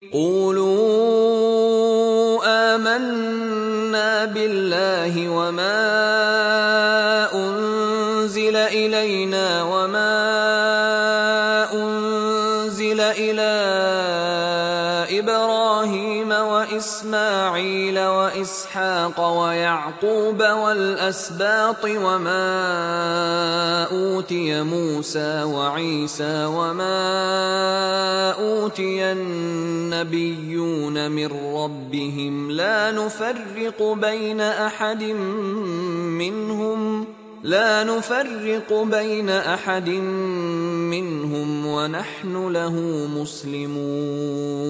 قولوا آمنا بالله وما أنزل إلينا وما أنزل إلى إبراهيم وإسماعيل وإسحاق ويعقوب والأسباط وما أوتي موسى وعيسى وما أوتي النبيون من ربهم لا نفرق بين أحد منهم لا نفرق بين أحد منهم ونحن له مسلمون